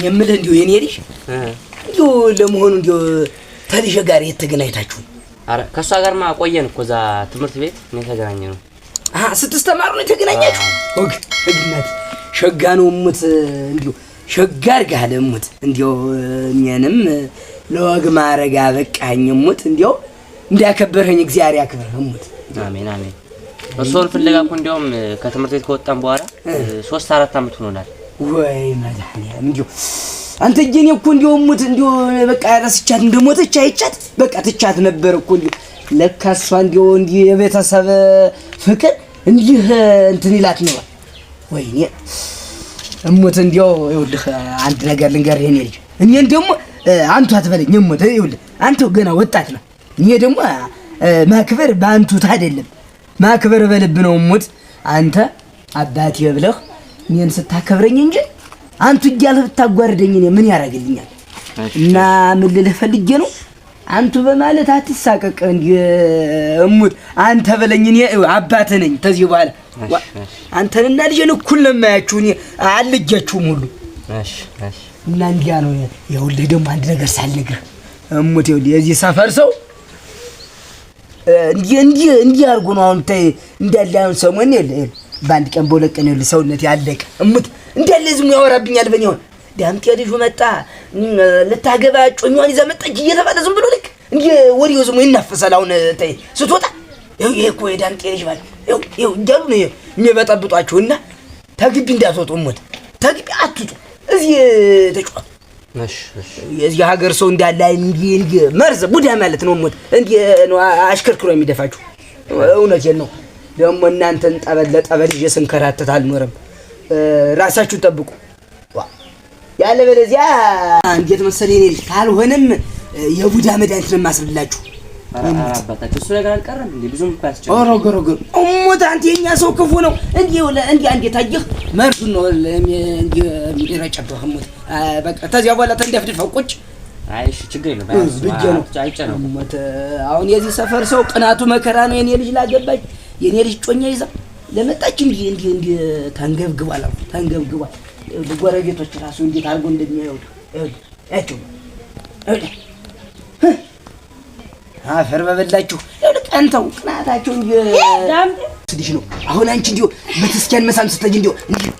የምልህ እንዲሁ የኔ ልጅ እንዲሁ ለመሆኑ እንዲሁ ተልጄ ጋር የት ተገናኝታችሁ? አረ ከእሷ ማ ቆየን እኮ እዛ ትምህርት ቤት ነው የተገናኘ ነው። አሀ ስትስተማሩ ነው የተገናኛችሁ? ኦግ እግነት ሸጋ ነው እሙት እንዲሁ ሸጋ አድርገሃል እሙት እንዲሁ እኛንም ለወግ ማረግ አበቃኝ እሙት እንዲሁ እንዳከበርኸኝ እግዚአብሔር ያክብርህ እሙት። አሜን አሜን። እርስዎን ፍለጋ እኮ እንዲያውም ከትምህርት ቤት ከወጣን በኋላ ሶስት አራት አመት ሆኖናል። ወይ መድኃኒዓለም እንዲሁ አንተ ጀኔ እኮ እንዲያው ሙት እንዲያው በቃ ረስቻት እንደሞተች አይቻት በቃ ትቻት ነበር እኮ እንዲያው ለካ እሷ እንዲያው እንዲህ የቤተሰብ ፍቅር እንዲህ እንትን ይላት ነው። ወይኔ እሙት እንዲያው ይኸውልህ አንድ ነገር ልንገርህ የኔ ልጅ እኔን ደግሞ አንቱ አትበለኝ እሙት ይኸውልህ አንተ ገና ወጣት ነው። እኔ ደግሞ ማክበር በአንቱት አይደለም ማክበር በልብ ነው እሙት አንተ አባቴ ብለህ እኔን ስታከብረኝ እንጂ አንቱ እያልህ ብታጓርደኝ እኔ ምን ያደርግልኛል? እና ምን ልልህ ፈልጌ ነው አንቱ በማለት አትሳቀቅ። እንዲህ እሙት አንተ በለኝ፣ እኔ አባትህ ነኝ። ተዚህ በኋላ አንተንና ልጄን እኩል ነው የማያችሁ፣ እኔ አልጃችሁም ሁሉ እና እንዲያ ነው። ይኸውልህ ደግሞ አንድ ነገር ሳልነግርህ እሙት፣ ይኸውልህ የዚህ ሰፈር ሰው እንዲህ እንዲህ እንዲህ አድርጎ ነው አሁን እንዳለ አሁን ሰሞን የለ በአንድ ቀን በሁለት ቀን ይኸውልህ ሰውነት ያለቀ እሙት እንዳለ ዝሙ ያወራብኛል። በእኔ ሆን ዳምጤ ልጁ መጣ ልታገባ ጮኛዋን ይዛ መጣች እየተባለ ዝም ብሎ ልክ እንደ ወሬው ዝሙ ይናፈሳል። አሁን ተይ ስትወጣ ይኸው ይሄ እኮ የዳምጤ ልጅ ባለ ይኸው ይኸው እያሉ ነው የሚበጠብጧቸው። እና ተግቢ እንዳትወጡ ሞት ተግቢ አትውጡ። እዚህ ተጫወቱ። የዚህ ሀገር ሰው እንዳለ እንዲህ መርዝ ቡዳ ማለት ነው። ሞት እንዲህ ነው አሽከርክሮ የሚደፋችሁ። እውነቴን ነው ደግሞ እናንተን ጠበል ለጠበል ይዤ ስንከራተት አልኖረም። ራሳችሁን ጠብቁ። ያለ በለዚያ እንዴት መሰለ ይኔ ልጅ ካልሆነም የቡዳ መድኃኒት ነው የማስብላችሁ። አባታችሁ እሱ ነገር አልቀረም እንዴ? ብዙም ፓስቸው ኦሮ ጎሮ ጎሮ እሞት አንተ የኛ ሰው ክፉ ነው እንዴ? ወለ እንዴ አንዴ ታየህ መርዙ ነው እንዴ የሚረጨብህ እሞት። በቃ ተዚያ በኋላ ተንደፍድፈው ቁጭ። አይ እሺ ችግር የለም ብቻ ነው ነው እሞት አሁን የዚህ ሰፈር ሰው ቅናቱ መከራ ነው። የኔ ልጅ ላገባች የኔ ልጅ ጮኛ ይዛ ለመጣች ጊዜ እንዲህ እንዲህ ተንገብግቧል አልኩ ተንገብግቧል። ጎረቤቶች ራሱ እንዴት አድርጎ እንደሚያዩ ያቸው አፈር በበላችሁ ቀንተው ቅናታቸው ስልሽ ነው። አሁን አንቺ እንዲሁ ቤተክርስቲያን መሳም ስትሄጂ እንዲሁ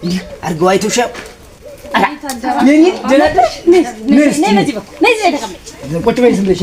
እንዲህ አድርገው አይተውሻ ቁጭ በይ ዝም ብለሽ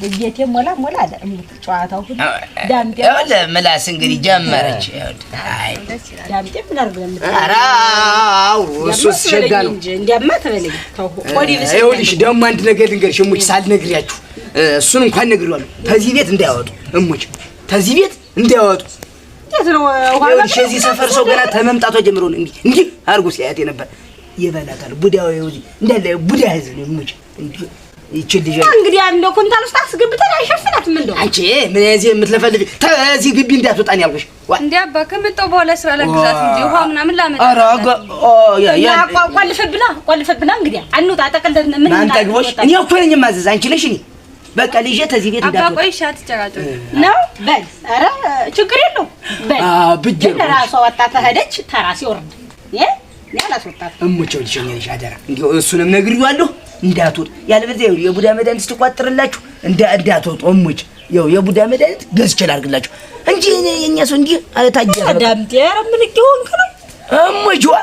በየቴ ሞላ ሞላ አለ ጨዋታው ሁሉ ዳምጤ ምላስ እንግዲህ ጀመረች። ዳምጤ ምን አድርገው እሱስ ሸጋ ነው። እንዲያማ ትበለኝ ይኸውልሽ፣ ደግሞ አንድ ነገር ልንገርሽ እሞች ሳልነግሪያችሁ እሱን እንኳን ነግሬዋለሁ። ተዚህ ቤት እንዳያወጡ እሞች፣ ተዚህ ቤት እንዳያወጡ። ይኸውልሽ የዚህ ሰፈር ሰው ገና ተመምጣቷ ጀምሮ ነው እንዲህ እንዲህ አድርጎ ሲያያት ነበር። ይበላታል ቡዳ፣ እንዳለ ቡዳ ህዝብ ነው እሞች እንዲህ ይችል ልጅ እንግዲህ አንዶ ኩንታል ውስጥ አስገብተን አይሸፍናትም። እንደው አንቺ ምን እዚህ የምትለፈልፊ ተዚህ ግቢ እንዳትወጣን ያልኩሽ እንዴ አባ ከመጣሁ በኋላ ስራ ላግዛት እንጂ ውሃ ምናምን ላመጣ። ኧረ ኦ ያ ያ ቆልፈብና ቆልፈብና እንግዲህ አንውጣ። ጠቅልለን ምን አንጠግቦሽ እኔ እኮ ነኝ የማዘዝ አንቺ ነሽ እኔ በቃ ልጄ ተዚህ ቤት እንዳትወጣ። አባ ቆይ ሻት ነው በል። ኧረ ችግር የለውም በል። አዎ ብጄ ራሷ ወጣ ተሄደች ተራ ሲወርድ እ ያላስወጣት እሙቸው ልጅ ነሽ አደራ እንዴ እሱንም ነግሬዋለሁ እንዳትወጡ ያለበለዚያ የቡዳ መድኃኒት ስትቋጥርላችሁ እንደ እንዳትወጡ እሙች ያው የቡዳ መድኃኒት ገዝቼ ላድርግላችሁ እንጂ የእኛ ሰው እንዲህ ታጀረ አዳምጤ ኧረ ምን ሆንክ ነው እሙች ዋ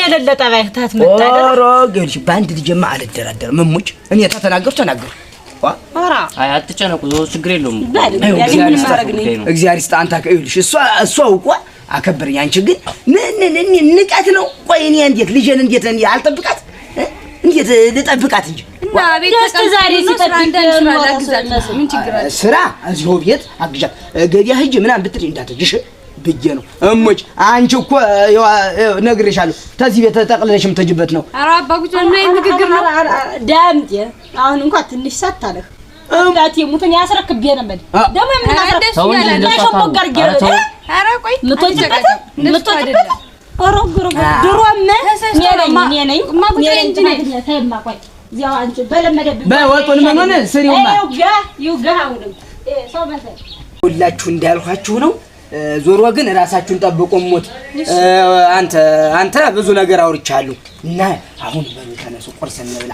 የሌለ ጠባይ ታትመጣረ ገልሽ በአንድ ልጅማ አልደራደርም እሙች እኔ ተተናገሩ ተናገሩ አትጨነቁ ችግር የለውም እግዚአብሔር ይስጥ አንተ ይኸውልሽ እሷ አውቋ አከበረኝ አንቺ ግን ንቀት ነው ቆይ እኔ እንዴት ልጄን እንዴት አልጠብቃት ልጠብቃት እንጂ ስራ እዚሁ ቤት አግዣት ገቢያ ሂጅ ምናምን ብትል እንዳትልሽ ብዬ ነው። እሞች አንቺ እኮ ነግሬሻለሁ፣ ተዚህ ቤት ተጠቅልለሽ የምትሄጂበት ነው። ዳምጤ አሁን እንኳን ትንሽ ሰት እንዳት የሙትን ያስረክብ የነበር ደግሞ ምን ሁላችሁ እንዳልኋችሁ ነው። ዞሮ ግን እራሳችሁን ጠብቆ ሞት። አንተ አንተ ብዙ ነገር አውርቻለሁ እና አሁን በሉ ተነሱ፣ ቁርስ እንብላ።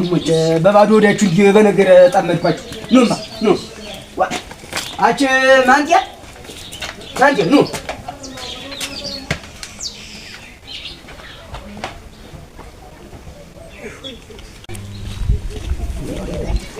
እሞች በባዶ ወዳችሁ እንዲህ በነገር ጠመድኳችሁ። ኑማ ኑ አንቺ ማንቲያ ኑ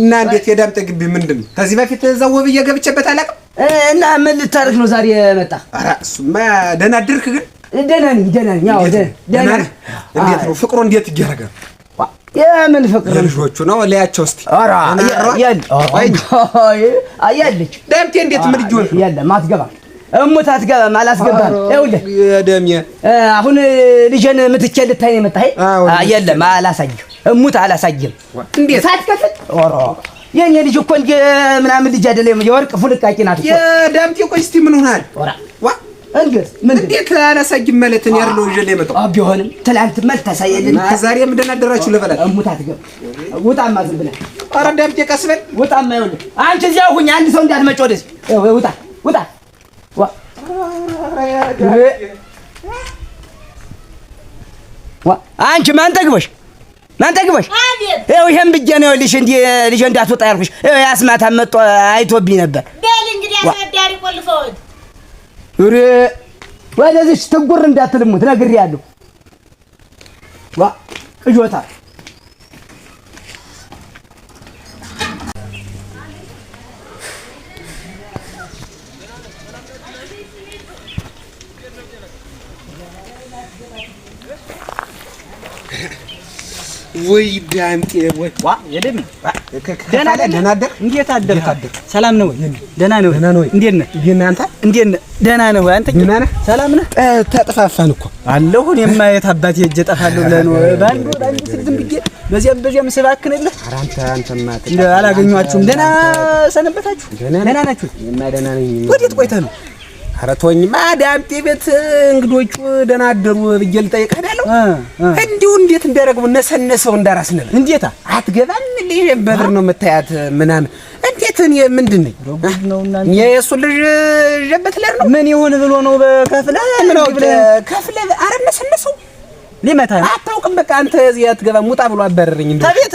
እና እንዴት የዳምጤ ግቢ ምንድን ነው? ከዚህ በፊት እዛው ውብዬ ገብቼበት አላውቅም። እና ምን ልታደርግ ነው ዛሬ መጣ? ኧረ እሱማ ደህና አደርክ። ግን ደህና ነኝ፣ ደህና ነኝ። አዎ ደህና ነኝ። እንዴት ነው ፍቅሩ? እንዴት እያደረገ ነው? የምን ፍቅር ልጆቹ ነው? ለያቸው እስቲ ያለች ዳምጤ እንዴት ምን ልጅ ሆንክ? የለም አትገባም፣ እሙት አትገባም፣ አላስገባህም። ይኸውልህ ደምዬ፣ አሁን ልጄን ምትቼ ልታይ ነው የመጣህ? የለም አላሳየው እሙት አላሳየም። እንዴት ሳትከፍል ኦሮ የኔ ልጅ እኮ እንደ ምናምን ልጅ አይደለም፣ የወርቅ ፉልቃቂ ናት እኮ የዳምጤ። ቆይ እስቲ ምን ሆናል? ኦራ ዋ እንግዲህ ምን እንዴት አላሳይም ማለት ነው ያለው ይዤ የመጣው ቢሆንም ትላንት መልክ ታሳየልን። ዛሬ ምንድን አደራችሁ ልበላት። እሙት አትገባም። ውጣማ ዝም ብለህ ኧረ ዳምጤ ቀስ በል ውጣማ። ይኸውልህ አንቺ እዚያው ሁኚ፣ አንድ ሰው እንዳትመጪ ወደዚህ። ውጣ ውጣ ዋ አንቺ ማን ጠግበሽ ናንተ ግባሽ ይኸው ይሄን ብጄ ነው ልሽ እንዲ ልጅ እንዳትወጣ ያልኩሽ። ይኸው ያስማታ መጥቶ አይቶብኝ ነበር። በል እንግዲህ አሳዳሪ ቆልፈውት ሪ ወደዚህ ትጉር እንዳትልሙት ነግሬያለሁ። ዋ ቅጆታ ወይ ዳምጤ ወይ ዋ የለም ደህና ደህና አደርክ። እንዴት አደርክ? ሰላም ነው ወይ? ደህና ነው። ደህና ነው። እንዴት ነህ? አንተ እንዴት ነህ? ደህና ነው። አንተ ደህና ነህ? ሰላም ነህ? ተጠፋፋን እኮ አለሁ። እኔማ የት አባቴ ሂጅ እጠፋለሁ ብለህ ነው? ባንዱ ባንዱ ዝም ብዬ በዚያም በዚያም ስባክን የለ ኧረ አንተ አንተማ እንደው አላገኘኋችሁም። ደህና ሰነበታችሁ? ደህና ናችሁ? ወዴት ቆይተህ ነው? ኧረ ተወኝማ ዳምጤ ቤት እንግዶቹ ደህና አደሩ ብዬ ልጠይቅ እሄዳለሁ። እንዲሁ እንዴት እንዳደረግቡ ነሰነሰው እንዳራስንል እንዴታ አትገባም በብር ነው የምታያት ምናምን እንዴት እኔ ምንድን ነኝ የእሱ ልጅ ዠበት ለር ነው ምን ይሁን ብሎ ነው በከፍለ ከፍለ አረ ነሰነሰው ሊመታ አታውቅም። በቃ አንተ እዚህ አትገባም ውጣ ብሎ አባረረኝ። እንዴ ታቤት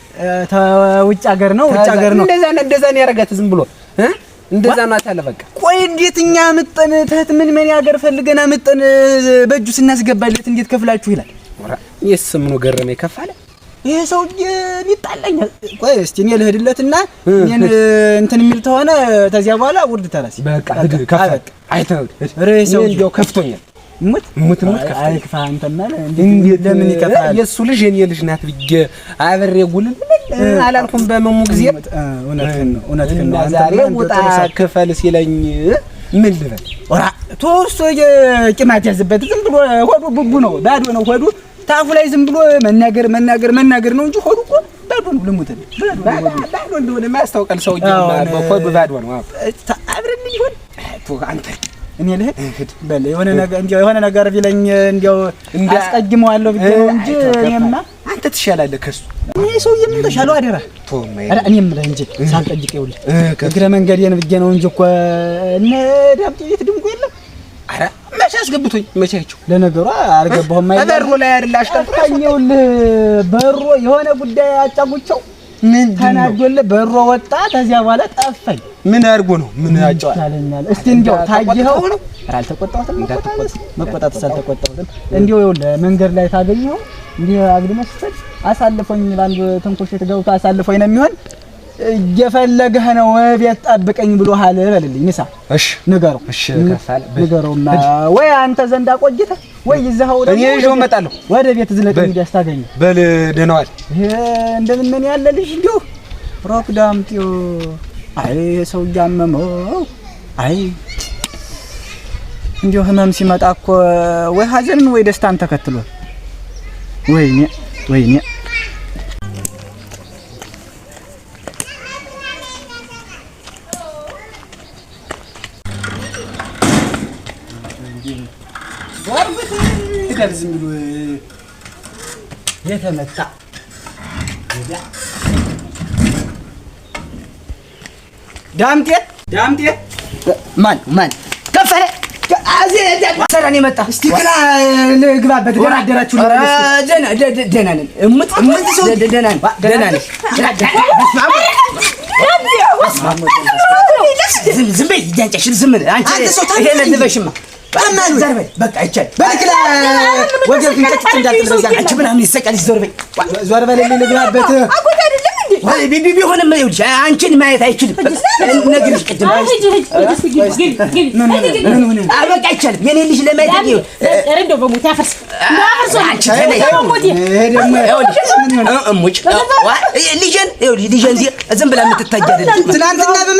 ውጭ ሀገር ነው ውጭ ሀገር ነው። እንደዛ ነው እንደዛ ነው ያደርጋት ዝም ብሎ እንደዛ ነው አታለ በቃ። ቆይ እንዴት እኛ ምጠን ትህት ምን ምን ያገር ፈልገና ምጠን በእጁ ስናስገባለት እንዴት ከፍላችሁ ይላል። እኔስ ምኑ ገረመ ይከፋለ ይሄ ሰው ይጣላኛል። ቆይ እስቲ እኔ ልሄድለትና እኔን እንትን የሚል ተሆነ ተዚያ በኋላ ውርድ ተራሲ በቃ ከፍ አይተው ሬ ሰው እንዲያው ከፍቶኛል ሙት ሙት ሙት አይክፋ። ለምን ይከፋል? የእሱ ልጅ የኔ ልጅ ናት ብዬ አብሬ ጉልል አላልኩም። በመሙ ጊዜ እውነትህን ነው፣ እውነትህን ነው። ዛሬ ውጣ ክፈል ሲለኝ ምን ልበል? ዝም ብሎ ሆዱ ቡቡ ነው፣ ባዶ ነው ሆዱ። ታፉ ላይ ዝም ብሎ መናገር መናገር መናገር ነው እንጂ ሆዱ እኮ ባዶ ነው። ልሙት ባዶ እንደሆነ ሰውዬው። ባዶ ነው አብረን አንተ እኔ ልህ በል የሆነ ነገር እንዲያው የሆነ ነገር ቢለኝ እንዲያው አስቀድመዋለሁ ብዬ ነው እንጂ እኔማ አንተ ትሻላለህ ከሱ። እኔ ሰውዬ ምን ተሻለው? አደራ ኧረ እኔ የምልህ እንጂ ሳልጠይቅ ይኸውልህ እግረ መንገዴን ብዬ ነው እንጂ እኮ እነ ዳምጤ ቤት ድምቁ የለም። ኧረ መቼ አስገብቶኝ መቼ አይቼው። ለነገሩ አልገባሁም። አይ በሮ ላይ አይደል አሽቀርቅኝ። ይኸውልህ በሮ የሆነ ጉዳይ አጫጉቸው ተናዶለ በሮ ወጣ። ከዚያ በኋላ ጠፋኝ። ምን አድርጎ ነው? ምን ያጫዋል? እስቲ እንዲያው ታየኸው ነው? አልተቆጣሁትም። መቆጣት አልተቆጣሁትም። እንዲያው ይኸውልህ መንገድ ላይ ታገኘኸው እንዲህ አግድመህ አሳልፎኝ ለአንድ ተንኮሽት ገብቶ አሳልፎኝ ነው የሚሆን እየፈለገህ ነው ቤት ጠብቀኝ ብሎሃል በልልኝ። ንሳ እሺ፣ ንገረው። ንገረውና ወይ አንተ ዘንድ አቆይተህ ወይ ደግሞ እኔ ይዤው እመጣለሁ። ወደ ቤት ዝለቅ እንዲያስታገኝ በል ደህና ዋል። እንደምን ምን ያለ ልጅ እንዲሁ ሮክ ዳምጤው። አይ ሰው እያመመው አይ እንዲሁ ህመም ሲመጣ እኮ ወይ ሀዘንን ወይ ደስታን ተከትሏል። ወይኔ ወይኔ ነበር ዝም ብሎ የተመታ ዳምጤ ዳምጤ ማን ማን ከፈለ ሰራን የመጣ እስቲ ዝም አንቺ ይሄንን ልበሽማ በቃ ይቻላል። ቢሆንም አንቺን ማየት አይችልም። ነግሬሽ ቅድም በቃ አይቻልም። የኔ ልጅ ለማየት ልጄን ዝም ብላ የምትታጅ አይደለም። ትናንትና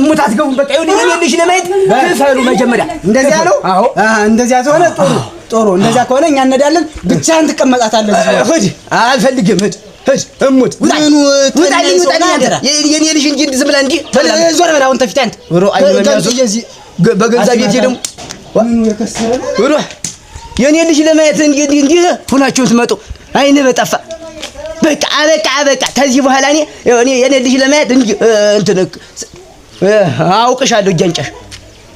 እሙት አትገቡም። በቃ ይሁን ይሁንልሽ ለማየት ክፈሉ መጀመሪያ። እንደዚያ ነው። አዎ እንደዚያ ከሆነ ጥሩ ጥሩ። እንደዚያ ከሆነ እኛ እንሄዳለን። ብቻህን ትቀመጣታለህ። ሂድ። አልፈልግም። ሂድ ሂድ። እሙት ውጣልኝ፣ ውጣልኝ። የኔ ልጅ እንጂ ዝም ብላ እንዲህ ዞር በል። አሁን ተፊት አንተ በገዛ ቤቴ ደግሞ የኔ ልጅ ለማየት እንዲህ ሁላችሁም ትመጡ። አይንህ በጠፋ በቃ በቃ በቃ። ከዚህ በኋላ እኔ የኔ ልጅ ለማየት እንትን አውቅሻለሁ እጃንጫሽ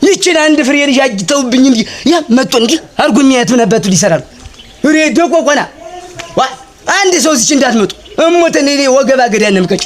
ይችን አንድ ፍሬ ልጅ አጅተውብኝ እንጂ ያ እንዲ እንዲህ አድርጎ የሚያየት ምን አባቱ ሊሰራል? ሬዲዮ ቆቆና አንድ ሰው እዚች እንዳትመጡ እሞትን ወገባ ገዳንም ከጭ